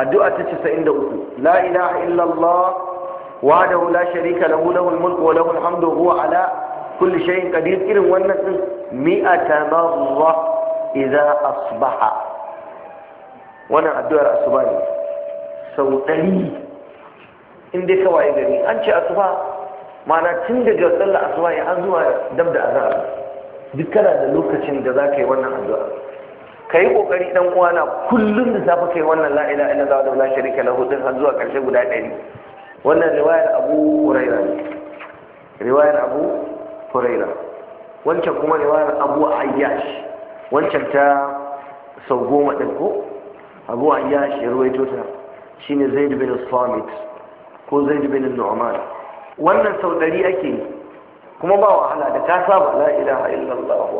addu'a ta 93 la ilaha illallah wahdahu la sharika lahu lahul mulku wa lahul hamdu huwa ala kulli shay'in qadir irin wannan din mi'ata marra idza asbaha wannan addu'ar asuba ne sau ɗari in dai kawai gari an ce asuba ma'ana tun daga sallar asuba ya an zuwa dab da azhar duk kana da lokacin da za ka yi wannan addu'a ka yi ƙoƙari ɗan uwana kullum da safe kai wannan la ina illallah da la sharika lahu din har zuwa ƙarshe guda ɗari wannan riwayar Abu Huraira ne riwayar Abu Huraira wancan kuma riwayar Abu Ayyash wancan ta sau goma ɗin ko Abu Ayyash ya ruwaito ta shine Zaid bin Samit ko Zaid bin Nu'man wannan sau ɗari ake yi kuma ba wahala da ta saba la illallah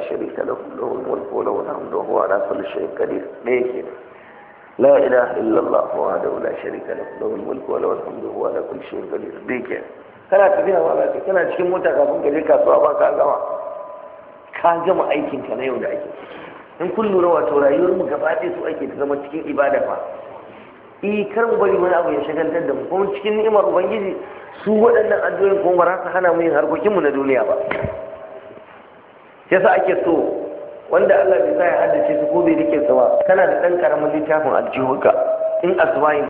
شريك له له الملك وله الحمد وهو على كل شيء قدير ليك لا اله الا الله وحده لا شريك له له الملك وله الحمد وهو على كل شيء قدير ليك kana tafiya ma lafiya kana cikin mota kafin ka je kasuwa ba ka gama ka gama aikin ka na yau da ake in kun lura wato rayuwar mu gaba ɗaya su ake ta zama cikin ibada fa eh kar mu bari wani abu ya shagaltar da mu kuma cikin ni'imar ubangiji su waɗannan addu'o'in kuma ba za su hana mu yin harkokin mu na duniya ba yasa ake so wanda Allah bai sa ya haddace su ko bai rike su ba kana da ɗan karamin littafin aljihunka in asbahin